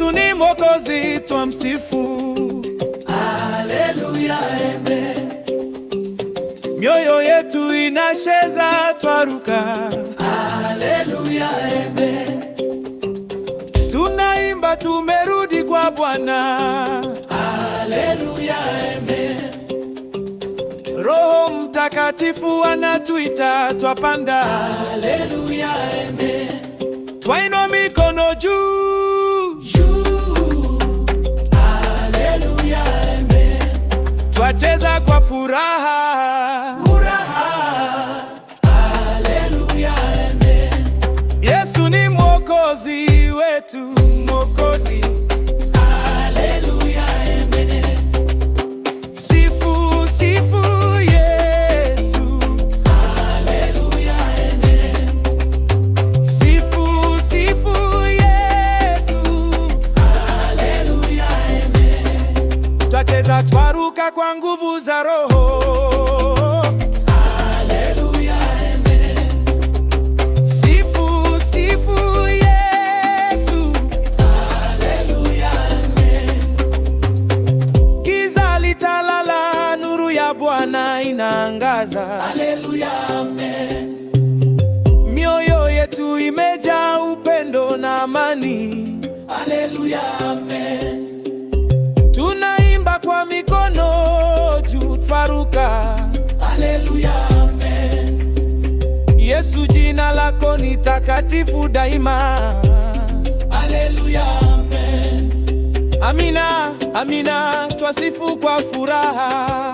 Yesu ni Mwokozi, twamsifu. Aleluya, embe. Mioyo yetu inacheza, twaruka. Aleluya, embe. Tunaimba, tumerudi kwa Bwana. Aleluya, embe. Roho Mtakatifu anatuita, twapanda. Aleluya, embe. Twainua mikono juu furaha, furaha. Haleluya, amen. Yesu ni mwokozi wetu, mwokozi. Haleluya. twaweza twaruka kwa nguvu za Roho. Bwana inaangaza. Aleluya, amen. Mioyo yetu imejaa upendo na amani. Aleluya, amen. Mapambano Jude Faruka. Haleluya, amen. Yesu, jina lako ni takatifu daima. Haleluya, amen. Amina, amina, twasifu kwa furaha.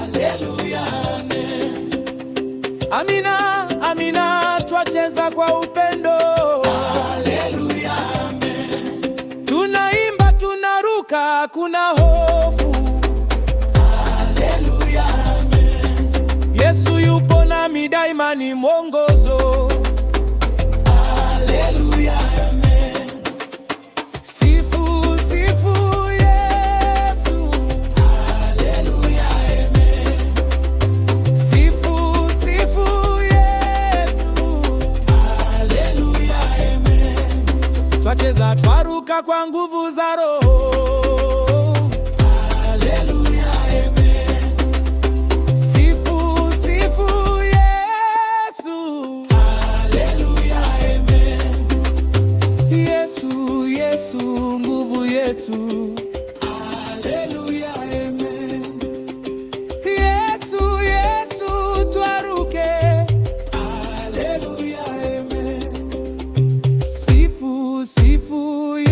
Haleluya, amen. Amina, amina, twacheza kwa upendo. Haleluya, amen. Tunaimba, tunaruka, kuna hofu Haleluya, amen. Yesu yupo nami daima ni mwongozo. Haleluya, amen. Sifu, sifu Yesu. Haleluya, amen. Sifu, sifu Yesu. Haleluya, amen. Twacheza twaruka kwa nguvu za Roho Yesu. Haleluya, amen. Yesu, Yesu twaruke. Haleluya, amen. Sifu, sifu